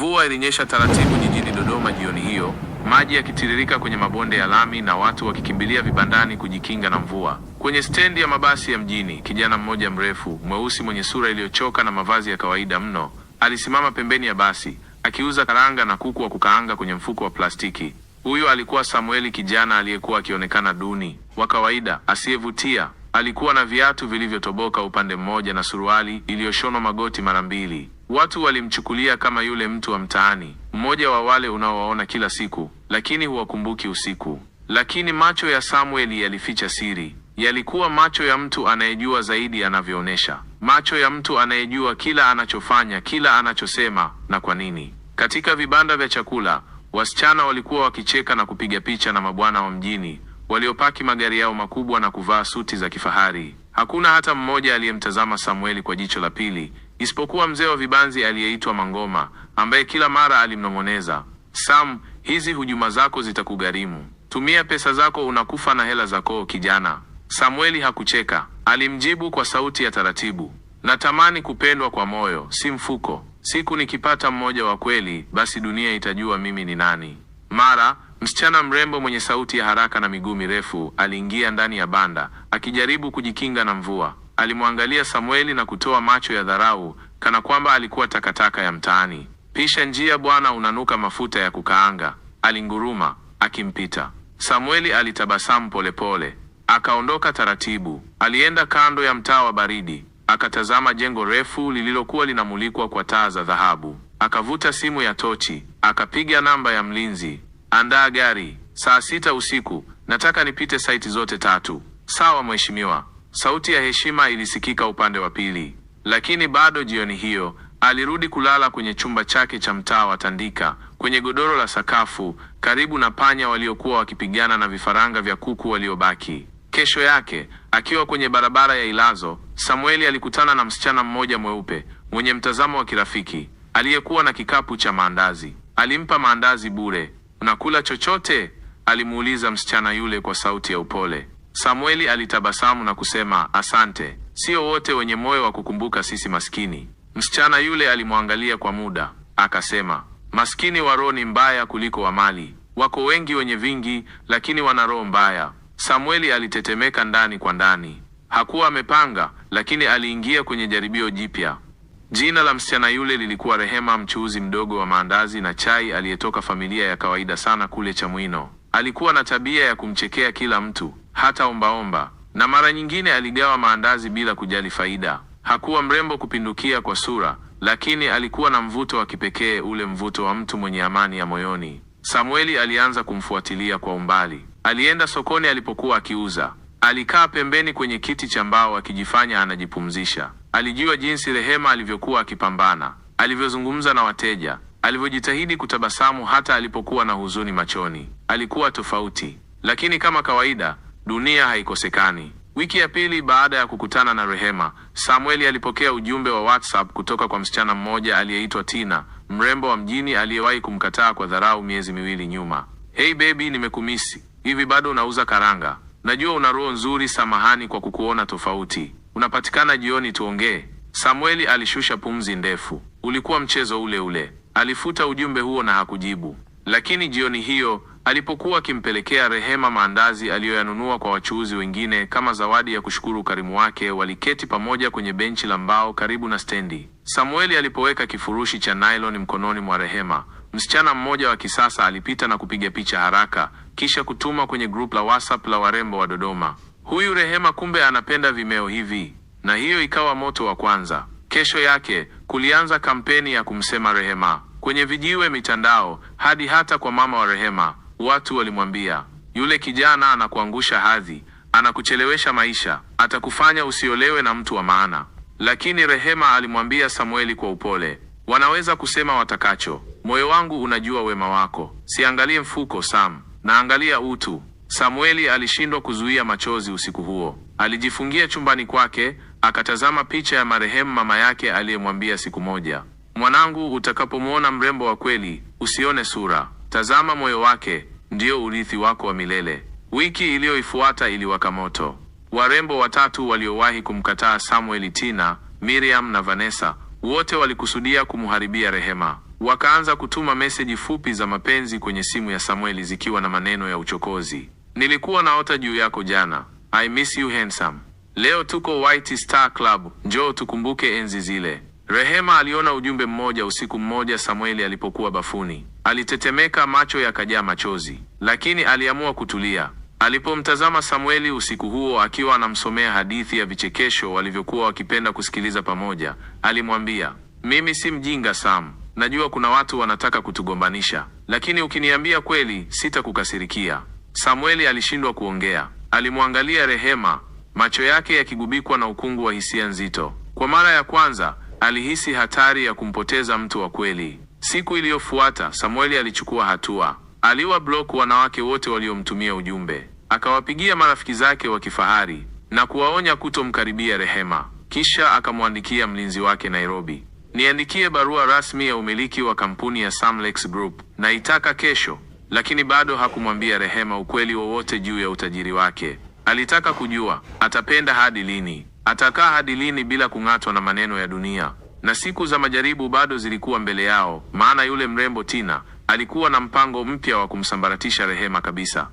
Mvua ilinyesha taratibu jijini Dodoma jioni hiyo, maji yakitiririka kwenye mabonde ya lami na watu wakikimbilia vibandani kujikinga na mvua. Kwenye stendi ya mabasi ya mjini, kijana mmoja mrefu mweusi mwenye sura iliyochoka na mavazi ya kawaida mno alisimama pembeni ya basi akiuza karanga na kuku wa kukaanga kwenye mfuko wa plastiki. Huyo alikuwa Samueli, kijana aliyekuwa akionekana duni, wa kawaida, asiyevutia. Alikuwa na viatu vilivyotoboka upande mmoja na suruali iliyoshonwa magoti mara mbili. Watu walimchukulia kama yule mtu wa mtaani, mmoja wa wale unaowaona kila siku lakini huwakumbuki usiku. Lakini macho ya Samueli yalificha siri. Yalikuwa macho ya mtu anayejua zaidi anavyoonyesha, macho ya mtu anayejua kila anachofanya, kila anachosema na kwa nini. Katika vibanda vya chakula, wasichana walikuwa wakicheka na kupiga picha na mabwana wa mjini waliopaki magari yao makubwa na kuvaa suti za kifahari. Hakuna hata mmoja aliyemtazama Samueli kwa jicho la pili, isipokuwa mzee wa vibanzi aliyeitwa Mangoma, ambaye kila mara alimnong'oneza, Sam, hizi hujuma zako zitakugharimu, tumia pesa zako, unakufa na hela zako kijana. Samueli hakucheka, alimjibu kwa sauti ya taratibu, natamani kupendwa kwa moyo, si mfuko. Siku nikipata mmoja wa kweli, basi dunia itajua mimi ni nani. Mara msichana mrembo mwenye sauti ya haraka na miguu mirefu aliingia ndani ya banda akijaribu kujikinga na mvua. Alimwangalia Samueli na kutoa macho ya dharau, kana kwamba alikuwa takataka ya mtaani. Pisha njia bwana, unanuka mafuta ya kukaanga, alinguruma akimpita. Samueli alitabasamu polepole, akaondoka taratibu. Alienda kando ya mtaa wa baridi, akatazama jengo refu lililokuwa linamulikwa kwa taa za dhahabu. Akavuta simu ya tochi, akapiga namba ya mlinzi. Andaa gari, saa sita usiku, nataka nipite saiti zote tatu. Sawa mheshimiwa. Sauti ya heshima ilisikika upande wa pili, lakini bado jioni hiyo alirudi kulala kwenye chumba chake cha mtaa wa Tandika, kwenye godoro la sakafu, karibu na panya waliokuwa wakipigana na vifaranga vya kuku waliobaki. Kesho yake akiwa kwenye barabara ya Ilazo, Samueli alikutana na msichana mmoja mweupe mwenye mtazamo wa kirafiki aliyekuwa na kikapu cha maandazi. Alimpa maandazi bure. Unakula chochote? alimuuliza msichana yule kwa sauti ya upole. Samueli alitabasamu na kusema, asante. Sio wote wenye moyo wa kukumbuka sisi maskini. Msichana yule alimwangalia kwa muda, akasema, maskini wa roho ni mbaya kuliko wa mali. Wako wengi wenye vingi, lakini wana roho mbaya. Samueli alitetemeka ndani kwa ndani. Hakuwa amepanga, lakini aliingia kwenye jaribio jipya. Jina la msichana yule lilikuwa Rehema, mchuuzi mdogo wa maandazi na chai aliyetoka familia ya kawaida sana kule Chamwino. Alikuwa na tabia ya kumchekea kila mtu hata ombaomba, na mara nyingine aligawa maandazi bila kujali faida. Hakuwa mrembo kupindukia kwa sura, lakini alikuwa na mvuto wa kipekee, ule mvuto wa mtu mwenye amani ya moyoni. Samueli alianza kumfuatilia kwa umbali. Alienda sokoni alipokuwa akiuza, alikaa pembeni kwenye kiti cha mbao akijifanya anajipumzisha. Alijua jinsi Rehema alivyokuwa akipambana, alivyozungumza na wateja, alivyojitahidi kutabasamu hata alipokuwa na huzuni machoni. Alikuwa tofauti, lakini kama kawaida Dunia haikosekani. Wiki ya pili baada ya kukutana na Rehema, Samueli alipokea ujumbe wa WhatsApp kutoka kwa msichana mmoja aliyeitwa Tina, mrembo wa mjini aliyewahi kumkataa kwa dharau miezi miwili nyuma. Hey baby, nimekumisi. Hivi bado unauza karanga? Najua una roho nzuri, samahani kwa kukuona tofauti. Unapatikana jioni tuongee? Samueli alishusha pumzi ndefu. Ulikuwa mchezo ule ule. Alifuta ujumbe huo na hakujibu. Lakini jioni hiyo alipokuwa akimpelekea Rehema maandazi aliyoyanunua kwa wachuuzi wengine kama zawadi ya kushukuru ukarimu wake, waliketi pamoja kwenye benchi la mbao karibu na stendi. Samueli alipoweka kifurushi cha nylon mkononi mwa Rehema, msichana mmoja wa kisasa alipita na kupiga picha haraka, kisha kutuma kwenye grupu la WhatsApp la warembo wa Dodoma. Huyu Rehema kumbe anapenda vimeo hivi! Na hiyo ikawa moto wa kwanza. Kesho yake kulianza kampeni ya kumsema Rehema kwenye vijiwe, mitandao, hadi hata kwa mama wa Rehema. Watu walimwambia, yule kijana anakuangusha hadhi, anakuchelewesha maisha, atakufanya usiolewe na mtu wa maana. Lakini Rehema alimwambia Samueli kwa upole, wanaweza kusema watakacho, moyo wangu unajua wema wako. Siangalie mfuko, Sam, naangalia utu. Samueli alishindwa kuzuia machozi usiku huo. Alijifungia chumbani kwake, akatazama picha ya marehemu mama yake aliyemwambia siku moja, mwanangu, utakapomwona mrembo wa kweli usione sura Tazama moyo wake, ndio urithi wako wa milele. Wiki iliyoifuata iliwaka moto. Warembo watatu waliowahi kumkataa Samueli, Tina, Miriam na Vanessa, wote walikusudia kumharibia Rehema. Wakaanza kutuma meseji fupi za mapenzi kwenye simu ya Samueli zikiwa na maneno ya uchokozi. Nilikuwa naota juu yako jana. I miss you handsome. Leo tuko White Star Club, njoo tukumbuke enzi zile. Rehema aliona ujumbe mmoja usiku mmoja Samueli alipokuwa bafuni. Alitetemeka, macho yakajaa machozi, lakini aliamua kutulia. Alipomtazama Samueli usiku huo akiwa anamsomea hadithi ya vichekesho walivyokuwa wakipenda kusikiliza pamoja, alimwambia, mimi si mjinga Sam, najua kuna watu wanataka kutugombanisha, lakini ukiniambia kweli sitakukasirikia. Samueli alishindwa kuongea. Alimwangalia Rehema, macho yake yakigubikwa na ukungu wa hisia nzito. Kwa mara ya kwanza Alihisi hatari ya kumpoteza mtu wa kweli. Siku iliyofuata Samueli alichukua hatua. Aliwa block wanawake wote waliomtumia ujumbe, akawapigia marafiki zake wa kifahari na kuwaonya kutomkaribia Rehema. Kisha akamwandikia mlinzi wake Nairobi, niandikie barua rasmi ya umiliki wa kampuni ya Samlex Group, naitaka kesho. Lakini bado hakumwambia Rehema ukweli wowote juu ya utajiri wake. Alitaka kujua atapenda hadi lini. Atakaa hadi lini bila kung'atwa na maneno ya dunia? Na siku za majaribu bado zilikuwa mbele yao, maana yule mrembo Tina alikuwa na mpango mpya wa kumsambaratisha Rehema kabisa.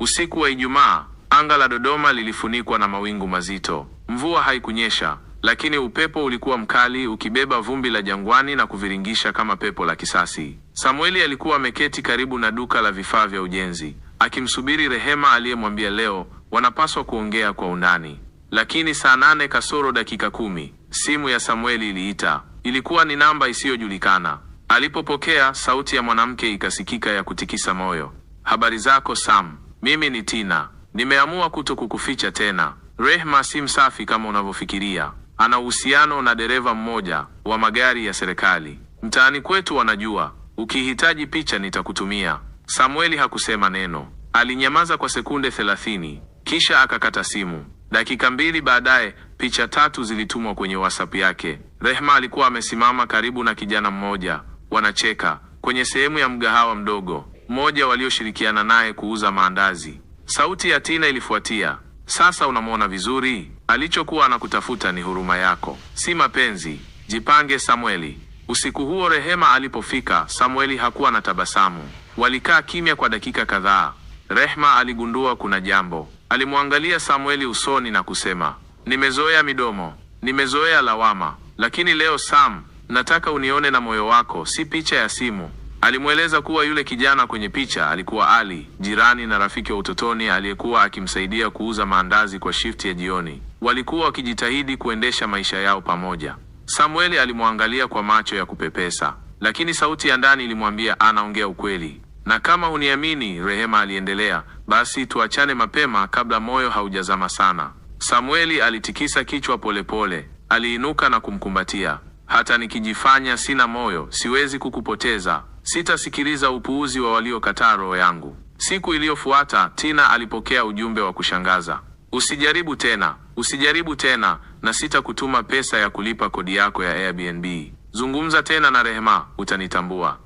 Usiku wa Ijumaa, anga la Dodoma lilifunikwa na mawingu mazito. Mvua haikunyesha, lakini upepo ulikuwa mkali, ukibeba vumbi la jangwani na kuviringisha kama pepo la kisasi. Samueli alikuwa ameketi karibu na duka la vifaa vya ujenzi, akimsubiri Rehema aliyemwambia leo wanapaswa kuongea kwa undani. Lakini saa nane kasoro dakika kumi simu ya Samueli iliita. Ilikuwa ni namba isiyojulikana. Alipopokea, sauti ya mwanamke ikasikika ya kutikisa moyo. Habari zako Sam, mimi ni Tina, nimeamua kuto kukuficha tena. rehma si msafi kama unavyofikiria, ana uhusiano na dereva mmoja wa magari ya serikali mtaani kwetu, wanajua. Ukihitaji picha nitakutumia. Samueli hakusema neno, alinyamaza kwa sekunde thelathini. Kisha akakata simu. Dakika mbili baadaye, picha tatu zilitumwa kwenye WhatsApp yake. rehma alikuwa amesimama karibu na kijana mmoja, wanacheka kwenye sehemu ya mgahawa mdogo mmoja walioshirikiana naye kuuza maandazi. Sauti ya Tina ilifuatia. Sasa unamwona vizuri, alichokuwa anakutafuta ni huruma yako, si mapenzi. Jipange Samueli. Usiku huo Rehema alipofika, Samueli hakuwa na tabasamu. Walikaa kimya kwa dakika kadhaa. rehma aligundua kuna jambo Alimwangalia Samueli usoni na kusema, nimezoea midomo, nimezoea lawama, lakini leo Sam, nataka unione na moyo wako, si picha ya simu. Alimweleza kuwa yule kijana kwenye picha alikuwa Ali, jirani na rafiki wa utotoni aliyekuwa akimsaidia kuuza maandazi kwa shifti ya jioni. Walikuwa wakijitahidi kuendesha maisha yao pamoja. Samueli alimwangalia kwa macho ya kupepesa, lakini sauti ya ndani ilimwambia anaongea ukweli. Na kama uniamini, Rehema aliendelea, basi tuachane mapema kabla moyo haujazama sana. Samueli alitikisa kichwa polepole pole. Aliinuka na kumkumbatia. Hata nikijifanya sina moyo, siwezi kukupoteza. Sitasikiliza upuuzi wa waliokataa roho yangu. Siku iliyofuata Tina alipokea ujumbe wa kushangaza: usijaribu tena, usijaribu tena, na sitakutuma pesa ya kulipa kodi yako ya Airbnb. Zungumza tena na Rehema, utanitambua.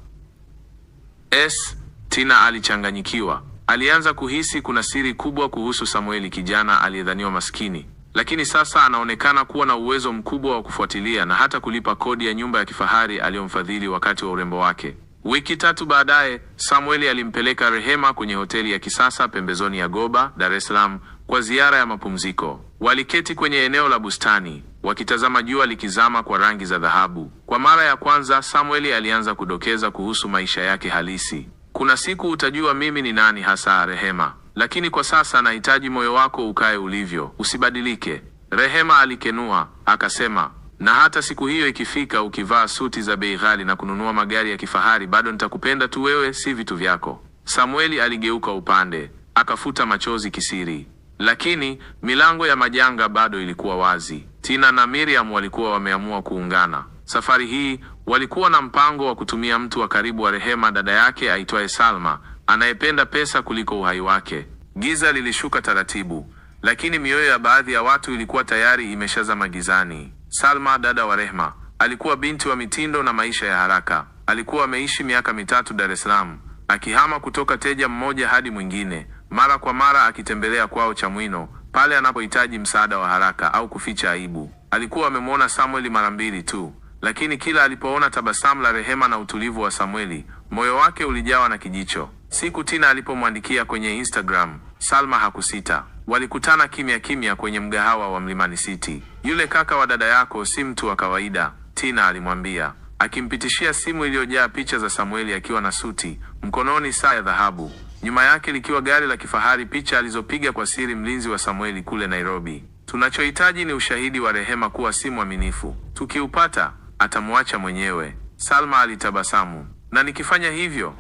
S Tina alichanganyikiwa. Alianza kuhisi kuna siri kubwa kuhusu Samueli, kijana aliyedhaniwa maskini, lakini sasa anaonekana kuwa na uwezo mkubwa wa kufuatilia na hata kulipa kodi ya nyumba ya kifahari aliyomfadhili wakati wa urembo wake. Wiki tatu baadaye, Samueli alimpeleka Rehema kwenye hoteli ya kisasa pembezoni ya Goba, Dar es Salaam kwa ziara ya mapumziko. Waliketi kwenye eneo la bustani wakitazama jua likizama kwa rangi za dhahabu. Kwa mara ya kwanza, Samueli alianza kudokeza kuhusu maisha yake halisi. Kuna siku utajua mimi ni nani hasa, Rehema, lakini kwa sasa nahitaji moyo wako ukae ulivyo, usibadilike. Rehema alikenua akasema, na hata siku hiyo ikifika, ukivaa suti za bei ghali na kununua magari ya kifahari, bado nitakupenda tu wewe, si vitu vyako. Samueli aligeuka upande akafuta machozi kisiri, lakini milango ya majanga bado ilikuwa wazi. Tina na Miriam walikuwa wameamua kuungana safari hii. Walikuwa na mpango wa kutumia mtu wa karibu wa Rehema, dada yake aitwaye Salma, anayependa pesa kuliko uhai wake. Giza lilishuka taratibu, lakini mioyo ya baadhi ya watu ilikuwa tayari imeshazama gizani. Salma, dada wa Rehema, alikuwa binti wa mitindo na maisha ya haraka. Alikuwa ameishi miaka mitatu Dar es Salaam, akihama kutoka teja mmoja hadi mwingine, mara kwa mara akitembelea kwao Chamwino pale anapohitaji msaada wa haraka au kuficha aibu. Alikuwa amemwona Samuel mara mbili tu. Lakini kila alipoona tabasamu la rehema na utulivu wa Samweli, moyo wake ulijawa na kijicho. Siku Tina alipomwandikia kwenye Instagram, Salma hakusita. Walikutana kimya kimya kwenye mgahawa wa Mlimani City. Yule kaka wa dada yako si mtu wa kawaida, Tina alimwambia, akimpitishia simu iliyojaa picha za Samweli akiwa na suti, mkononi saa ya dhahabu, nyuma yake likiwa gari la kifahari, picha alizopiga kwa siri mlinzi wa Samweli kule Nairobi. Tunachohitaji ni ushahidi wa Rehema kuwa si mwaminifu. Tukiupata atamwacha mwenyewe. Salma alitabasamu. na nikifanya hivyo?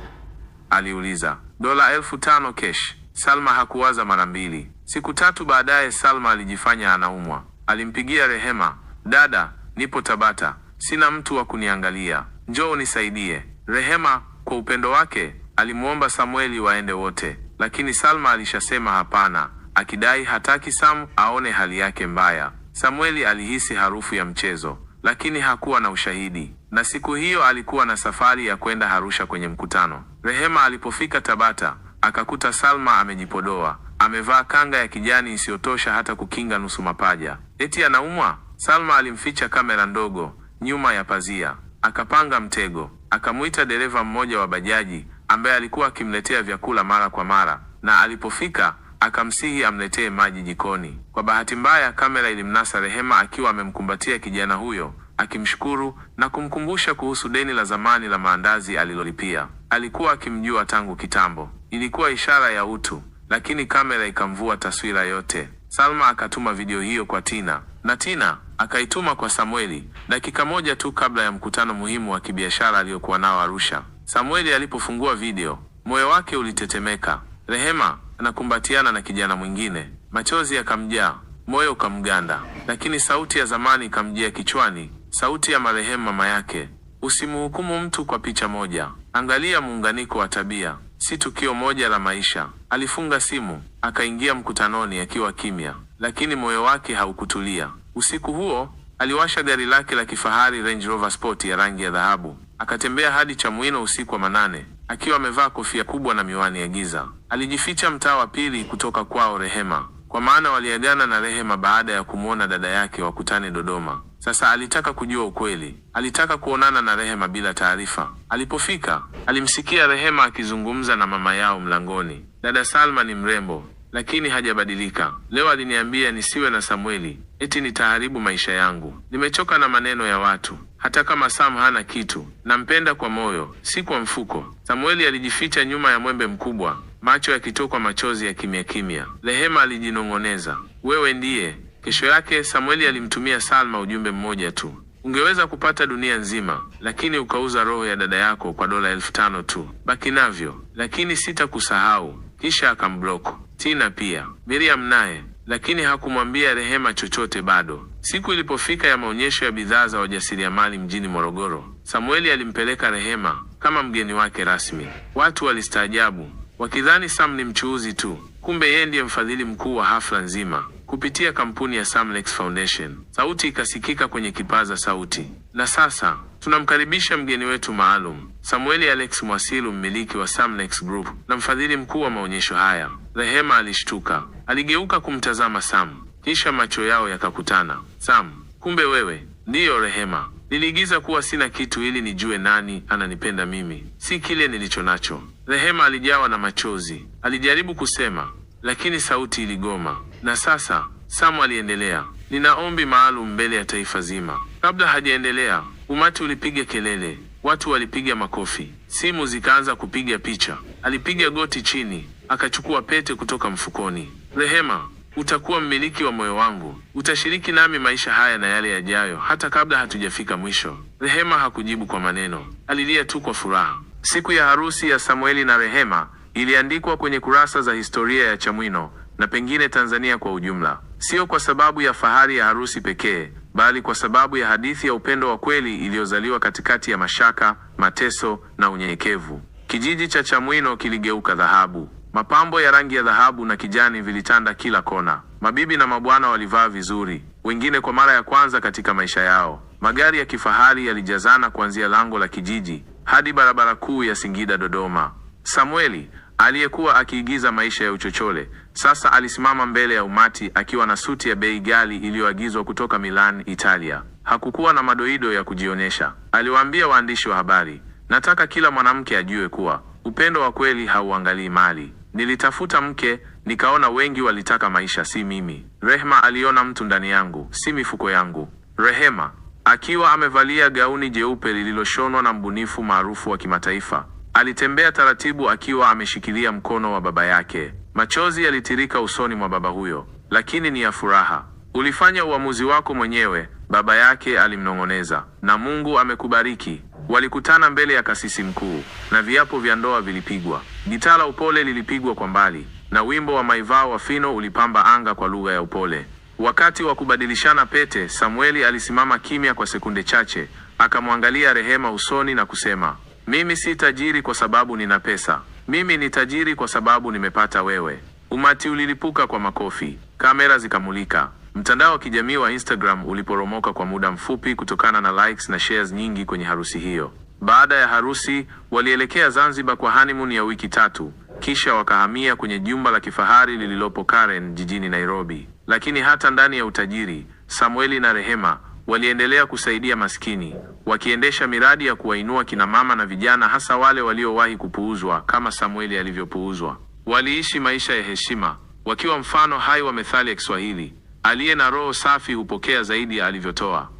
aliuliza. dola elfu tano kesh. Salma hakuwaza mara mbili. Siku tatu baadaye, Salma alijifanya anaumwa. Alimpigia Rehema, dada, nipo Tabata, sina mtu wa kuniangalia, njoo nisaidie. Rehema kwa upendo wake alimwomba Samueli waende wote, lakini Salma alishasema hapana, akidai hataki Sam aone hali yake mbaya. Samueli alihisi harufu ya mchezo lakini hakuwa na ushahidi, na siku hiyo alikuwa na safari ya kwenda Arusha kwenye mkutano. Rehema alipofika Tabata akakuta Salma amejipodoa, amevaa kanga ya kijani isiyotosha hata kukinga nusu mapaja. Eti anaumwa. Salma alimficha kamera ndogo nyuma ya pazia, akapanga mtego. Akamuita dereva mmoja wa bajaji ambaye alikuwa akimletea vyakula mara kwa mara, na alipofika akamsihi amletee maji jikoni. Kwa bahati mbaya, kamera ilimnasa Rehema akiwa amemkumbatia kijana huyo akimshukuru na kumkumbusha kuhusu deni la zamani la maandazi alilolipia. Alikuwa akimjua tangu kitambo. Ilikuwa ishara ya utu, lakini kamera ikamvua taswira yote. Salma akatuma video hiyo kwa Tina na Tina akaituma kwa Samueli dakika moja tu kabla ya mkutano muhimu wa kibiashara aliyokuwa nao Arusha. Samueli alipofungua video, moyo wake ulitetemeka. Rehema anakumbatiana na kijana mwingine. Machozi yakamjaa, moyo ukamganda, lakini sauti ya zamani ikamjia kichwani, sauti ya marehemu mama yake: usimhukumu mtu kwa picha moja, angalia muunganiko wa tabia, si tukio moja la maisha. Alifunga simu akaingia mkutanoni akiwa kimya, lakini moyo wake haukutulia. Usiku huo aliwasha gari lake la kifahari Range Rover Sport ya rangi ya dhahabu, akatembea hadi Chamwino usiku wa manane akiwa amevaa kofia kubwa na miwani ya giza. Alijificha mtaa wa pili kutoka kwao Rehema, kwa maana waliagana na Rehema baada ya kumwona dada yake wakutane Dodoma. Sasa alitaka kujua ukweli, alitaka kuonana na Rehema bila taarifa. Alipofika alimsikia Rehema akizungumza na mama yao mlangoni. Dada Salma ni mrembo lakini hajabadilika. Leo aliniambia nisiwe na Samweli, eti nitaharibu maisha yangu. Nimechoka na maneno ya watu. Hata kama Sam hana kitu, nampenda kwa moyo, si kwa mfuko. Samueli alijificha nyuma ya mwembe mkubwa, macho yakitokwa machozi ya kimya kimya. Rehema alijinong'oneza, wewe ndiye. Kesho yake Samueli alimtumia Salma ujumbe mmoja tu, ungeweza kupata dunia nzima, lakini ukauza roho ya dada yako kwa dola elfu tano tu. Baki navyo, lakini sitakusahau kisha akamblock. Tina pia, Miriam naye, lakini hakumwambia Rehema chochote bado. Siku ilipofika ya maonyesho ya bidhaa za wajasiriamali mjini Morogoro, Samueli alimpeleka Rehema kama mgeni wake rasmi. Watu walistaajabu wakidhani Sam ni mchuuzi tu, kumbe yeye ndiye mfadhili mkuu wa hafla nzima. Kupitia kampuni ya Samlex Foundation, sauti ikasikika kwenye kipaza sauti. Na sasa tunamkaribisha mgeni wetu maalum, Samueli Alex Mwasilu, mmiliki wa Samlex Group na mfadhili mkuu wa maonyesho haya. Rehema alishtuka, aligeuka kumtazama Sam, kisha macho yao yakakutana. Sam, kumbe wewe ndiyo Rehema. Niliigiza kuwa sina kitu ili nijue nani ananipenda mimi, si kile nilicho nacho. Rehema alijawa na machozi, alijaribu kusema lakini sauti iligoma. Na sasa, Sam aliendelea, nina ombi maalum mbele ya taifa zima. Kabla hajaendelea, umati ulipiga kelele, watu walipiga makofi, simu zikaanza kupiga picha. Alipiga goti chini, akachukua pete kutoka mfukoni. Rehema, utakuwa mmiliki wa moyo wangu, utashiriki nami maisha haya na yale yajayo, hata kabla hatujafika mwisho. Rehema hakujibu kwa maneno, alilia tu kwa furaha. Siku ya harusi ya Samueli na Rehema iliandikwa kwenye kurasa za historia ya Chamwino na pengine Tanzania kwa ujumla, sio kwa sababu ya fahari ya harusi pekee, bali kwa sababu ya hadithi ya upendo wa kweli iliyozaliwa katikati ya mashaka, mateso na unyenyekevu. Kijiji cha Chamwino kiligeuka dhahabu. Mapambo ya rangi ya dhahabu na kijani vilitanda kila kona. Mabibi na mabwana walivaa vizuri, wengine kwa mara ya kwanza katika maisha yao. Magari ya kifahari yalijazana kuanzia lango la kijiji hadi barabara kuu ya Singida Dodoma. Samueli, Aliyekuwa akiigiza maisha ya uchochole sasa alisimama mbele ya umati akiwa na suti ya bei ghali iliyoagizwa kutoka Milan, Italia. Hakukuwa na madoido ya kujionyesha. Aliwaambia waandishi wa habari, nataka kila mwanamke ajue kuwa upendo wa kweli hauangalii mali. Nilitafuta mke, nikaona wengi walitaka maisha, si mimi. Rehema aliona mtu ndani yangu, si mifuko yangu. Rehema akiwa amevalia gauni jeupe lililoshonwa na mbunifu maarufu wa kimataifa Alitembea taratibu akiwa ameshikilia mkono wa baba yake. Machozi yalitirika usoni mwa baba huyo, lakini ni ya furaha. Ulifanya uamuzi wako mwenyewe, baba yake alimnong'oneza, na Mungu amekubariki. Walikutana mbele ya kasisi mkuu na viapo vya ndoa vilipigwa. Gitaa la upole lilipigwa kwa mbali na wimbo wa Maivao wa Fino ulipamba anga kwa lugha ya upole. Wakati wa kubadilishana pete, Samueli alisimama kimya kwa sekunde chache, akamwangalia Rehema usoni na kusema mimi si tajiri kwa sababu nina pesa. Mimi ni tajiri kwa sababu nimepata wewe. Umati ulilipuka kwa makofi, kamera zikamulika. Mtandao wa kijamii wa Instagram uliporomoka kwa muda mfupi kutokana na likes na shares nyingi kwenye harusi hiyo. Baada ya harusi, walielekea Zanzibar kwa honeymoon ya wiki tatu, kisha wakahamia kwenye jumba la kifahari lililopo Karen jijini Nairobi. Lakini hata ndani ya utajiri, Samueli na Rehema waliendelea kusaidia maskini, wakiendesha miradi ya kuwainua kina mama na vijana, hasa wale waliowahi kupuuzwa kama Samueli alivyopuuzwa. Waliishi maisha ya heshima, wakiwa mfano hai wa methali ya Kiswahili, aliye na roho safi hupokea zaidi ya alivyotoa.